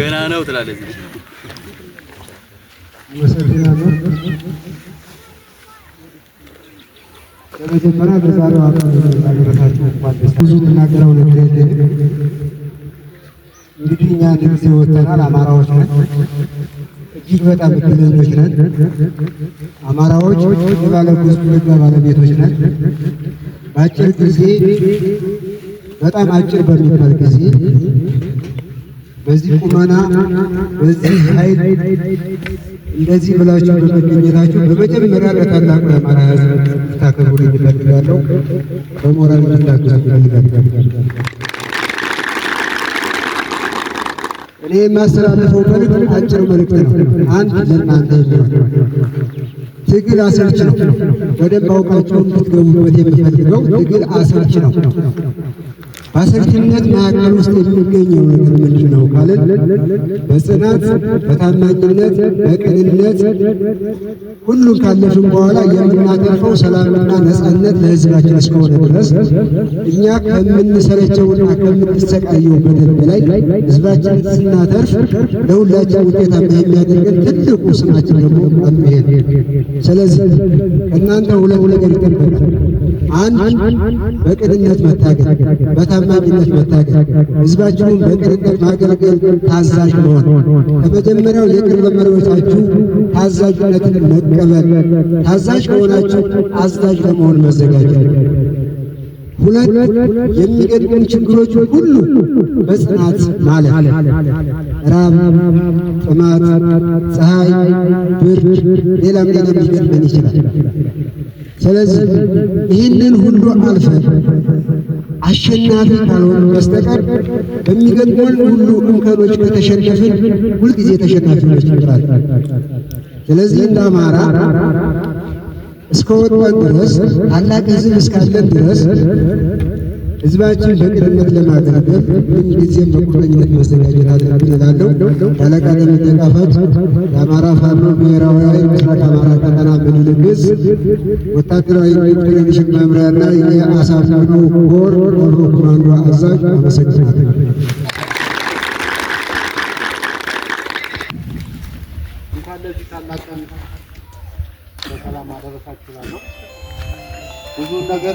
ገና ነው ትላለች። አመሰግናለሁ። በመጀመሪያ በዛሬው አካል እንኳን ብዙ የምናገረው ነገር የለም። እንግዲህ እኛ አንድ ጊዜ ወጥተናል። አማራዎች ነን፣ እጅግ በጣም እድለኞች ነን። አማራዎች ባለጉስ ባለቤቶች ነን። በአጭር ጊዜ በጣም አጭር በሚባል ጊዜ በዚህ ቁመና በዚህ ኃይል እንደዚህ ብላችሁ በመገኘታችሁ በመጀመሪያ ለታላቁ የአማራ ሕዝብ ታከብሩ ይፈልጋለሁ። በሞራል እንድታግዙ ይፈልጋል። እኔ የማስተላለፈው መልክ አጭር መልክት ነው። አንድ ለእናንተ ትግል አሰልች ነው። በደንብ አውቃችሁ እንድትገቡበት የምፈልገው ትግል አሰልች ነው። በአሰብሽነት መካከል ውስጥ የሚገኘው ነገር ምንድን ነው ካልን በጽናት በታማኝነት በቅንነት ሁሉን ካለፍን በኋላ የምናተርፈው ሰላምና ነጻነት ለህዝባችን እስከሆነ ድረስ እኛ ከምንሰለቸውና ከምንሰቃየው በደል በላይ ህዝባችን ስናተርፍ ለሁላችን ውጤታማ የሚያደርገን ትልቁ ስማችን ደግሞ አምሄድ። ስለዚህ እናንተ ሁለት ነገር ይጠበቃል። አንድ በቅንነት መታገል፣ በታማኝነት መታገል፣ ህዝባችሁን በቅንነት ማገልገል፣ ታዛዥ መሆን፣ ከመጀመሪያው የቅርብ መሪዎቻችሁ ታዛዥነትን መቀበል፣ ታዛዥ ከሆናችሁ አዛዥ ለመሆን መዘጋጀት። ሁለት የሚገጥሙ ችግሮች ሁሉ በጽናት ማለት ራብ፣ ጥማት፣ ፀሐይ፣ ብርድ፣ ሌላም ሌላም ሊገጥመን ይችላል። ስለዚህ ይህንን ሁሉ አልፈን አሸናፊ ካልሆን በስተቀር በሚገጥሙን ሁሉ እንከኖች ከተሸነፍን ሁልጊዜ ተሸናፊዎች እንሆናለን። ስለዚህ እንደ አማራ እስከ ወጣን ድረስ ታላቅ ሕዝብ እስካለን ድረስ ህዝባችን በቅንነት ለማገልገል ምንጊዜም በቁርጠኝነት መዘጋጀት አለብን እላለሁ። ሻለቃ ደመቀ ጣፋጭ የአማራ ፋኖ ብሔራዊ ኃይል ምስራቅ አማራ ቀጠና ምኒልክ ዕዝ ወታደራዊ ኢንተግሬሽን መምሪያና የአሳምነው ኮር ኮር ኮማንዶ አዛዥ አመሰግናለሁ። ለዚህ ታላቅ ቀን አደረሳችሁ። ብዙ ነገር